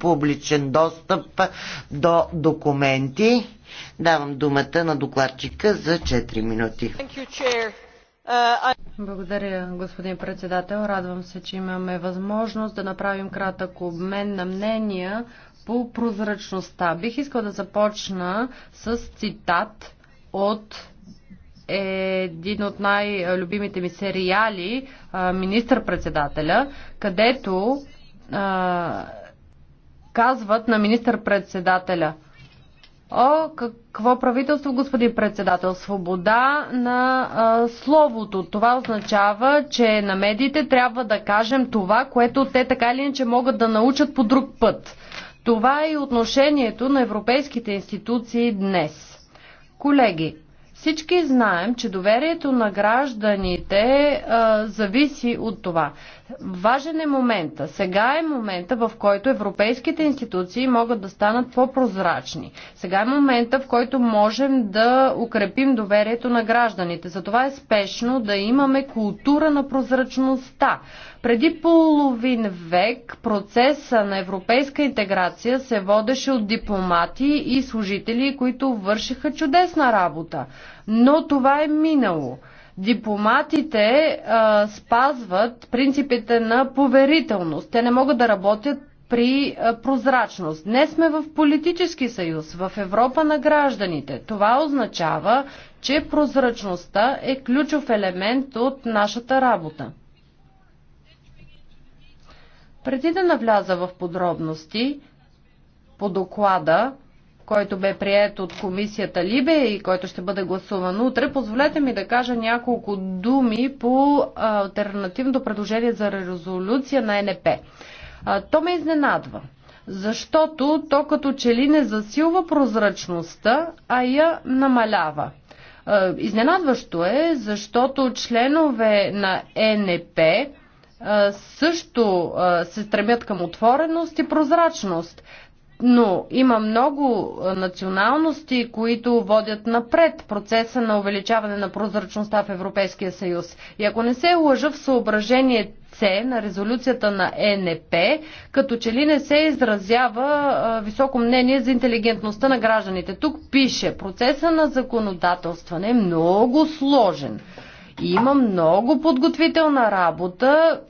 публичен достъп до документи. Давам думата на докладчика за 4 минути. Uh, Благодаря, господин председател. Радвам се, че имаме възможност да направим кратък обмен на мнения по прозрачността. Бих искал да започна с цитат от един от най-любимите ми сериали, министър-председателя, където казват на министър-председателя. О, какво правителство, господин председател? Свобода на а, словото. Това означава, че на медиите трябва да кажем това, което те така или иначе могат да научат по друг път. Това е и отношението на европейските институции днес. Колеги, всички знаем, че доверието на гражданите а, зависи от това. Важен е момента. Сега е момента, в който европейските институции могат да станат по-прозрачни. Сега е момента, в който можем да укрепим доверието на гражданите. Затова е спешно да имаме култура на прозрачността. Преди половин век процеса на европейска интеграция се водеше от дипломати и служители, които вършиха чудесна работа. Но това е минало. Дипломатите а, спазват принципите на поверителност. Те не могат да работят при прозрачност. Днес сме в политически съюз, в Европа на гражданите. Това означава, че прозрачността е ключов елемент от нашата работа. Преди да навляза в подробности по доклада, който бе прият от комисията Либе и който ще бъде гласуван утре, позволете ми да кажа няколко думи по альтернативното предложение за резолюция на НП. То ме изненадва, защото то като че ли не засилва прозрачността, а я намалява. Изненадващо е, защото членове на НП също се стремят към отвореност и прозрачност. Но има много националности, които водят напред процеса на увеличаване на прозрачността в Европейския съюз. И ако не се лъжа в съображение С на резолюцията на ЕНП, като че ли не се изразява високо мнение за интелигентността на гражданите. Тук пише, процеса на законодателстване е много сложен. И има много подготвителна работа,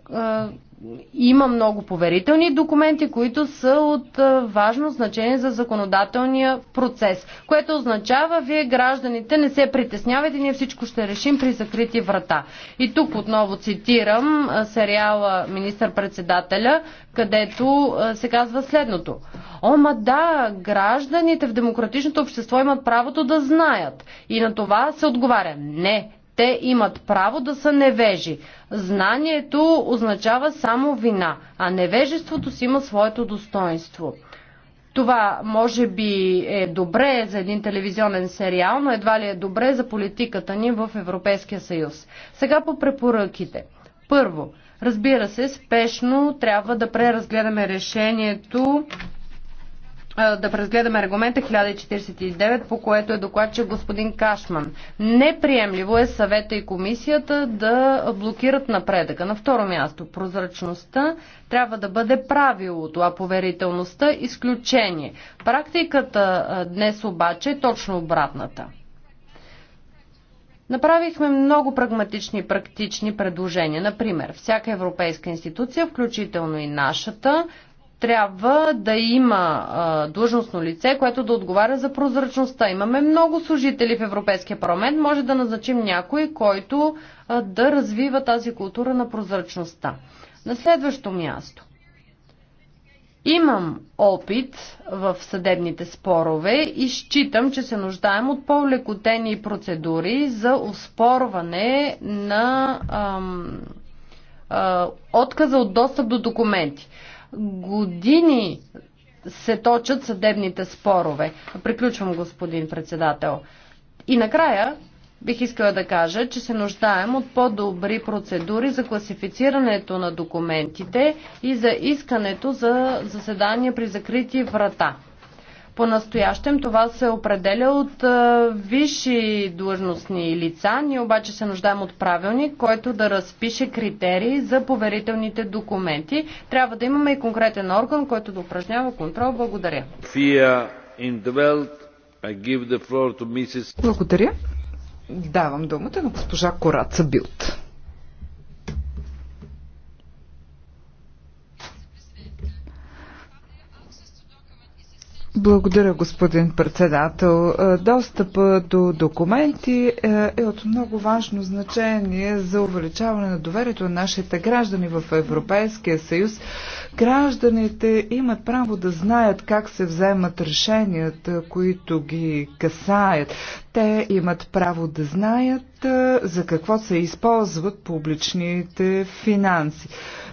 има много поверителни документи, които са от важно значение за законодателния процес, което означава, вие гражданите не се притеснявайте, ние всичко ще решим при закрити врата. И тук отново цитирам сериала Министър-председателя, където се казва следното. Ома да, гражданите в демократичното общество имат правото да знаят. И на това се отговаря. Не, те имат право да са невежи. Знанието означава само вина, а невежеството си има своето достоинство. Това може би е добре за един телевизионен сериал, но едва ли е добре за политиката ни в Европейския съюз. Сега по препоръките. Първо, разбира се, спешно трябва да преразгледаме решението да разгледаме регламента 1049, по което е докладчик господин Кашман. Неприемливо е съвета и комисията да блокират напредъка. На второ място, прозрачността трябва да бъде правилото, а поверителността изключение. Практиката днес обаче е точно обратната. Направихме много прагматични и практични предложения. Например, всяка европейска институция, включително и нашата, трябва да има а, длъжностно лице, което да отговаря за прозрачността. Имаме много служители в Европейския парламент, може да назначим някой, който а, да развива тази култура на прозрачността. На следващо място. Имам опит в съдебните спорове и считам, че се нуждаем от по-лекотени процедури за оспорване на ам, а, отказа от достъп до документи години се точат съдебните спорове. Приключвам, господин председател. И накрая бих искала да кажа, че се нуждаем от по-добри процедури за класифицирането на документите и за искането за заседания при закрити врата. По-настоящем това се определя от висши длъжностни лица. Ние обаче се нуждаем от правилник, който да разпише критерии за поверителните документи. Трябва да имаме и конкретен орган, който да упражнява контрол. Благодаря. Благодаря. Давам думата на госпожа Кораца Билт. Благодаря, господин председател. Е, достъпа до документи е, е от много важно значение за увеличаване на доверието на нашите граждани в Европейския съюз. Гражданите имат право да знаят как се вземат решенията, които ги касаят. Те имат право да знаят за какво се използват публичните финанси.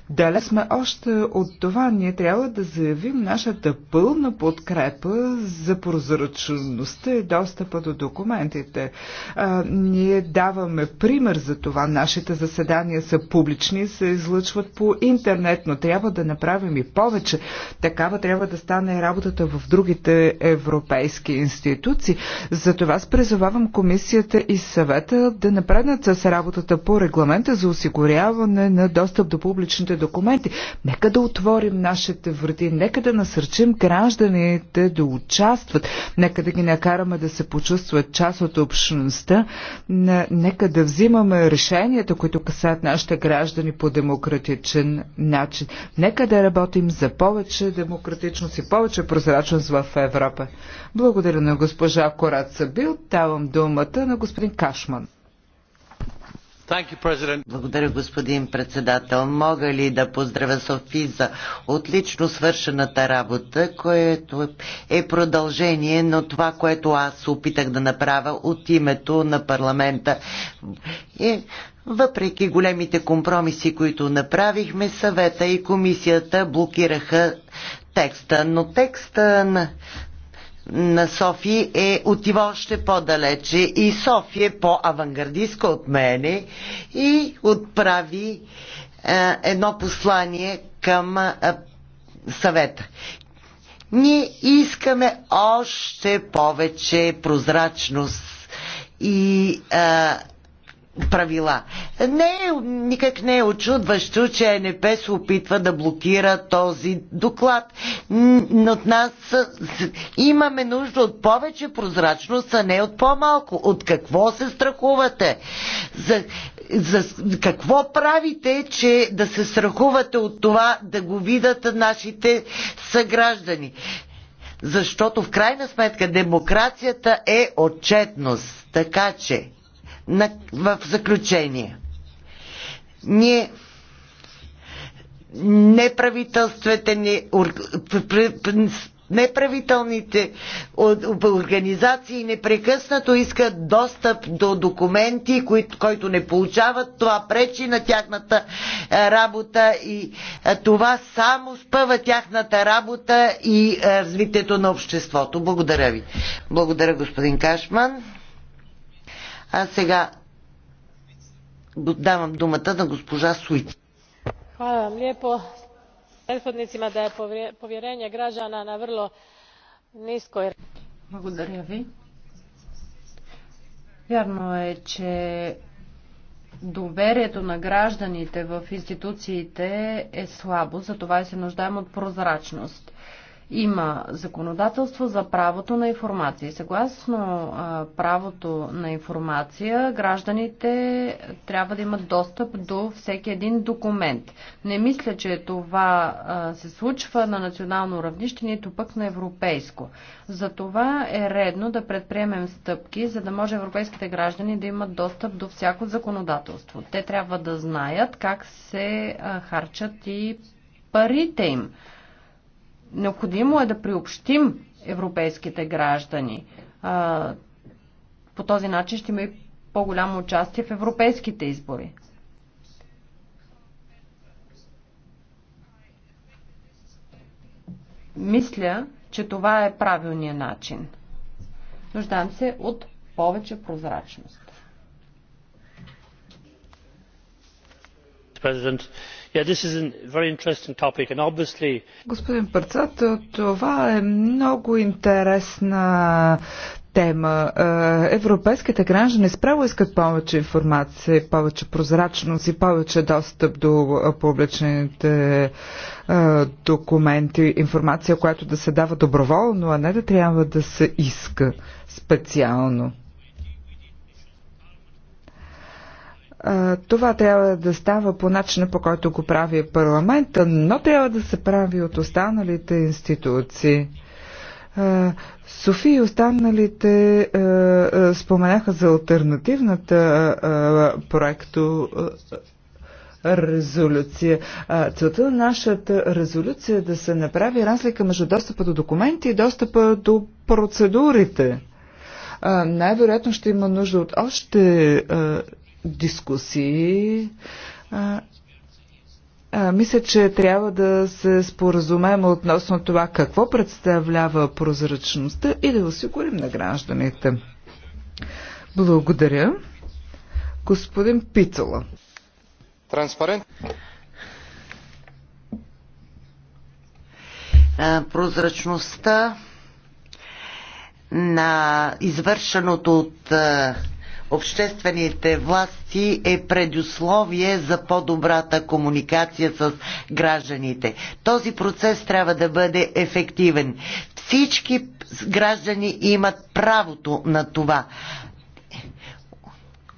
Дале сме още от това. Ние трябва да заявим нашата пълна подкрепа за прозрачността и достъпа до документите. А, ние даваме пример за това. Нашите заседания са публични, се излъчват по интернет, но трябва да направим и повече. Такава трябва да стане работата в другите европейски институции. Затова с призовавам комисията и съвета да напреднат с работата по регламента за осигуряване на достъп до публичните документи. Нека да отворим нашите врати, нека да насърчим гражданите да участват, нека да ги накараме да се почувстват част от общността, нека да взимаме решенията, които касаят нашите граждани по демократичен начин. Нека да работим за повече демократичност и повече прозрачност в Европа. Благодаря на госпожа Кораца Бил давам думата на господин Кашман. Благодаря, господин председател. Мога ли да поздравя Софи за отлично свършената работа, което е продължение на това, което аз опитах да направя от името на парламента. И въпреки големите компромиси, които направихме, съвета и комисията блокираха текста, но текста на, на София е отива още по-далече и София е по-авангардистка от мене и отправи е, едно послание към е, съвета. Ние искаме още повече прозрачност и е, правила. Не, никак не е очудващо, че НП се опитва да блокира този доклад. От нас имаме нужда от повече прозрачност, а не от по-малко. От какво се страхувате? За, за какво правите, че да се страхувате от това да го видят нашите съграждани? Защото в крайна сметка демокрацията е отчетност. Така че на, в заключение. Ние неправителствените ни неправителните организации непрекъснато искат достъп до документи, които, който не получават. Това пречи на тяхната е, работа и е, това само спъва тяхната работа и е, развитието на обществото. Благодаря ви. Благодаря, господин Кашман. Аз сега давам думата на госпожа Суици. Hvala vam lijepo prethodnicima da je povjerenje građana na vrlo niskoj Благодаря ви. Вярно е, че доверието на гражданите в институциите е слабо, затова се нуждаем от прозрачност. Има законодателство за правото на информация. Съгласно правото на информация, гражданите трябва да имат достъп до всеки един документ. Не мисля, че това се случва на национално равнище, нито пък на европейско. За това е редно да предприемем стъпки, за да може европейските граждани да имат достъп до всяко законодателство. Те трябва да знаят как се харчат и парите им Необходимо е да приобщим европейските граждани. По този начин ще има и по-голямо участие в европейските избори. Мисля, че това е правилният начин. Нуждам се от повече прозрачност. President, Господин председател, това е много интересна тема. Е, европейските граждани справо искат повече информация, повече прозрачност и повече достъп до е, публичните е, документи, информация, която да се дава доброволно, а не да трябва да се иска специално. Това трябва да става по начина, по който го прави парламента, но трябва да се прави от останалите институции. Софи и останалите споменаха за альтернативната проекто резолюция. Целта на нашата резолюция е да се направи разлика между достъпа до документи и достъпа до процедурите. Най-вероятно ще има нужда от още дискусии. А, а, мисля, че трябва да се споразумеем относно това какво представлява прозрачността и да осигурим на гражданите. Благодаря. Господин Питала. Транспарент. Прозрачността на извършеното от обществените власти е предусловие за по-добрата комуникация с гражданите. Този процес трябва да бъде ефективен. Всички граждани имат правото на това.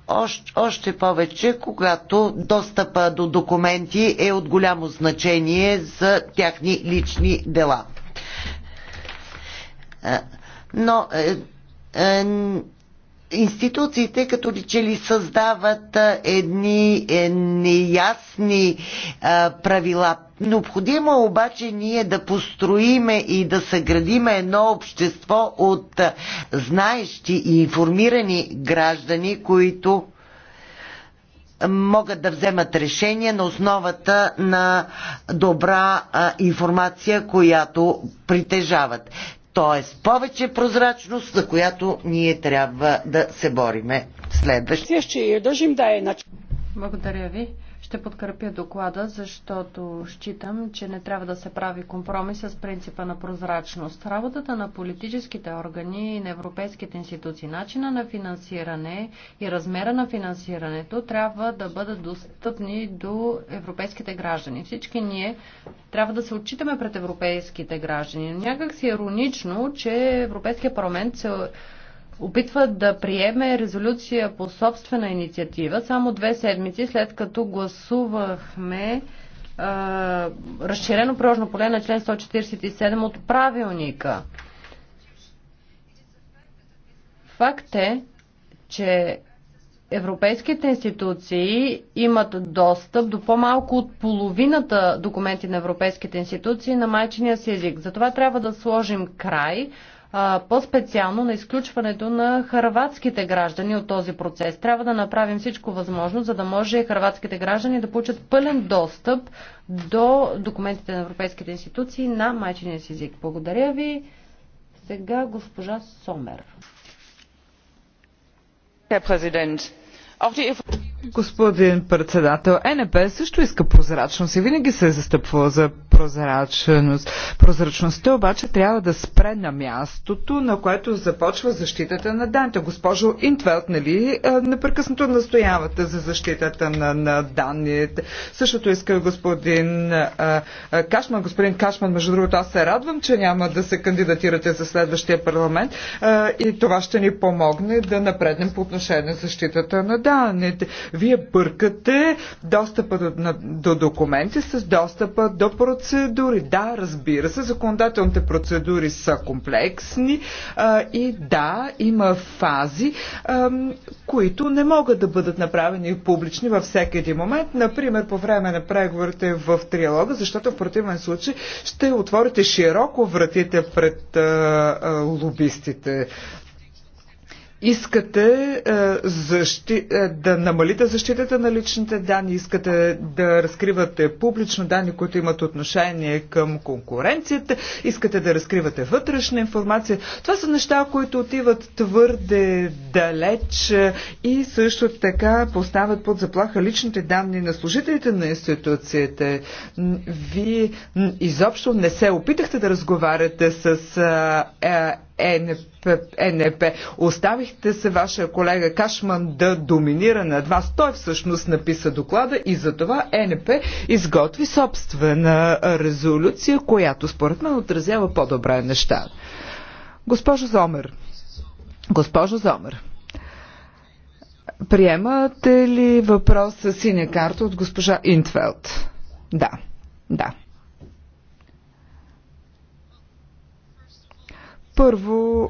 Още, още повече, когато достъпа до документи е от голямо значение за тяхни лични дела. Е, но е, е, институциите като ли че ли създават едни е, неясни правила. Необходимо е обаче ние да построиме и да съградиме едно общество от знаещи и информирани граждани, които могат да вземат решение на основата на добра информация, която притежават т.е. повече прозрачност, за която ние трябва да се бориме следващия. Е Благодаря ви. Ще подкрепя доклада, защото считам, че не трябва да се прави компромис с принципа на прозрачност. Работата на политическите органи и на европейските институции, начина на финансиране и размера на финансирането трябва да бъдат достъпни до европейските граждани. Всички ние трябва да се отчитаме пред европейските граждани. Някак си е иронично, че Европейския парламент се опитва да приеме резолюция по собствена инициатива само две седмици след като гласувахме а, разширено прожно поле на член 147 от правилника. Факт е, че европейските институции имат достъп до по-малко от половината документи на европейските институции на майчиния си език. Затова трябва да сложим край по-специално на изключването на хърватските граждани от този процес. Трябва да направим всичко възможно, за да може харватските граждани да получат пълен достъп до документите на европейските институции на майчиния си език. Благодаря ви. Сега госпожа Сомер. Herr Präsident! Auch die Господин председател, е НП също иска прозрачност и винаги се е застъпвала за прозрачност. Прозрачността обаче трябва да спре на мястото, на което започва защитата на данните. Госпожо Интвелт, нали, непрекъснато настоявате за защитата на, на данните. Същото иска господин а, а, Кашман. Господин Кашман, между другото, аз се радвам, че няма да се кандидатирате за следващия парламент а, и това ще ни помогне да напреднем по отношение на защитата на данните. Вие бъркате достъпа до, до документи с достъпа до процедури. Да, разбира се, законодателните процедури са комплексни а, и да, има фази, а, които не могат да бъдат направени публични във всеки един момент, например по време на преговорите в триалога, защото в противен случай ще отворите широко вратите пред а, а, лобистите. Искате е, защи, е, да намалите защитата на личните данни, искате да разкривате публично данни, които имат отношение към конкуренцията, искате да разкривате вътрешна информация. Това са неща, които отиват твърде далеч е, и също така поставят под заплаха личните данни на служителите на институцията. Вие изобщо не се опитахте да разговаряте с е, е ЕНП, ЕНП. Оставихте се вашия колега Кашман да доминира над вас. Той всъщност написа доклада и за това ЕНП изготви собствена резолюция, която според мен отразява по-добре неща. Госпожо Зомер, госпожо Зомер, приемате ли въпрос с синя карта от госпожа Интфелд? Да, да. Първо,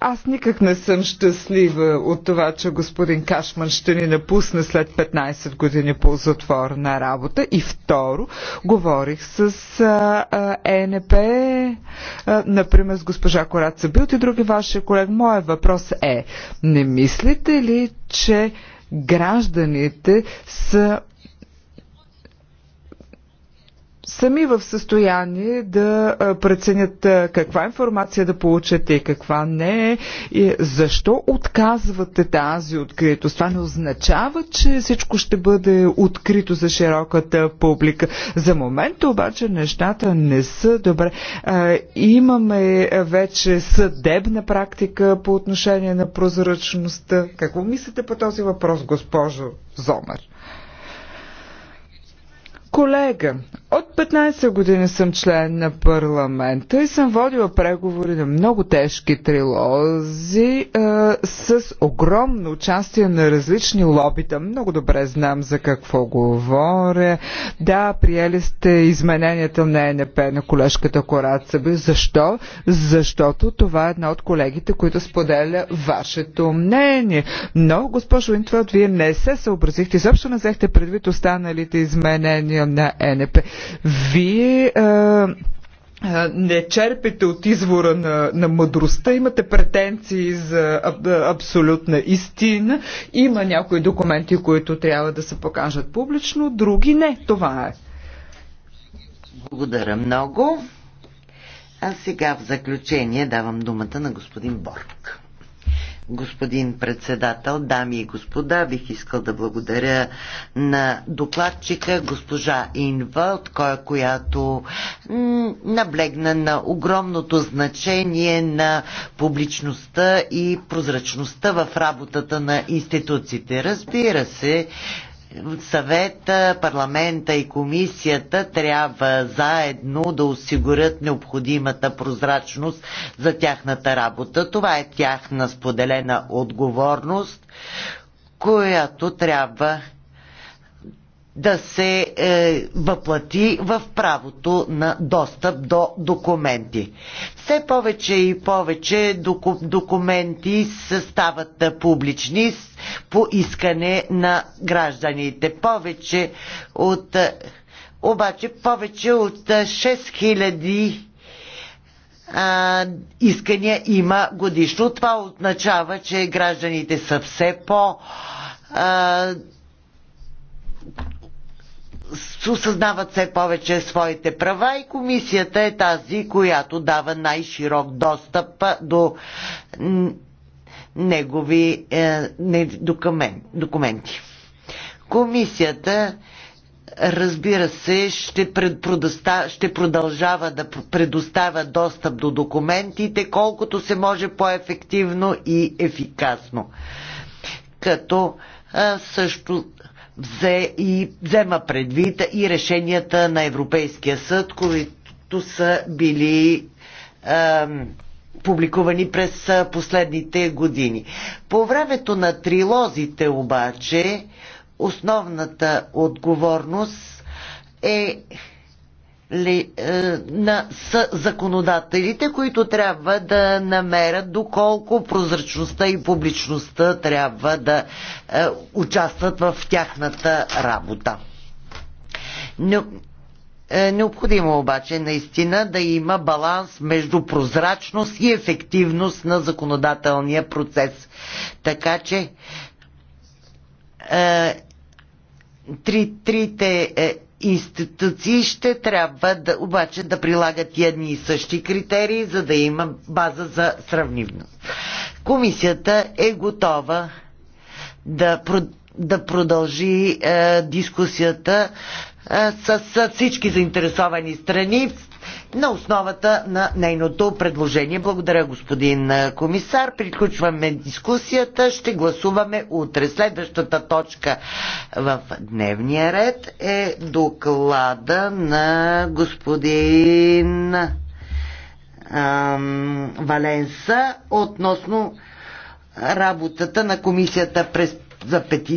аз никак не съм щастлива от това, че господин Кашман ще ни напусне след 15 години по затворна работа. И второ, говорих с а, а, ЕНП, а, например с госпожа Кораца Билт и други ваши колеги. Моят въпрос е, не мислите ли, че гражданите са сами в състояние да преценят каква информация да получате и каква не и защо отказвате тази откритост. Това не означава, че всичко ще бъде открито за широката публика. За момента обаче нещата не са добре. Имаме вече съдебна практика по отношение на прозрачността. Какво мислите по този въпрос, госпожо Зомер? Колега, от 15 години съм член на парламента и съм водила преговори на много тежки трилози е, с огромно участие на различни лобита. Много добре знам за какво говоря. Да, приели сте измененията на ЕНП на колежката Корацаби. Защо? Защото това е една от колегите, които споделя вашето мнение. Но, госпожо Интвелд, вие не се съобразихте. Изобщо не взехте предвид останалите изменения предложения на ЕНП. Вие а, е, е, не черпите от извора на, на мъдростта, имате претенции за аб, е, абсолютна истина. Има някои документи, които трябва да се покажат публично, други не. Това е. Благодаря много. А сега в заключение давам думата на господин Борг господин председател, дами и господа, бих искал да благодаря на докладчика госпожа Инвалд, която наблегна на огромното значение на публичността и прозрачността в работата на институциите. Разбира се, съвета, парламента и комисията трябва заедно да осигурят необходимата прозрачност за тяхната работа. Това е тяхна споделена отговорност, която трябва да се е, въплати в правото на достъп до документи. Все повече и повече доку, документи стават е, публични по искане на гражданите. Повече от, е, обаче повече от 6000 е, а, искания има годишно. Това означава, че гражданите са все по а, осъзнават все повече своите права и комисията е тази, която дава най-широк достъп до негови е, докумен, документи. Комисията разбира се, ще, ще продължава да предоставя достъп до документите, колкото се може по-ефективно и ефикасно. Като а, също взе и взема предвид и решенията на Европейския съд, които са били е, публикувани през последните години. По времето на трилозите обаче основната отговорност е ли, е, на законодателите, които трябва да намерят доколко прозрачността и публичността трябва да е, участват в тяхната работа. Но, е, Необходимо обаче наистина да има баланс между прозрачност и ефективност на законодателния процес. Така че е, три, трите е, институции ще трябва да, обаче да прилагат едни и същи критерии, за да има база за сравнивност. Комисията е готова да, да продължи е, дискусията е, с, с всички заинтересовани страни, на основата на нейното предложение. Благодаря, господин комисар. Приключваме дискусията. Ще гласуваме утре. Следващата точка в дневния ред е доклада на господин ам, Валенса относно работата на комисията през, за пети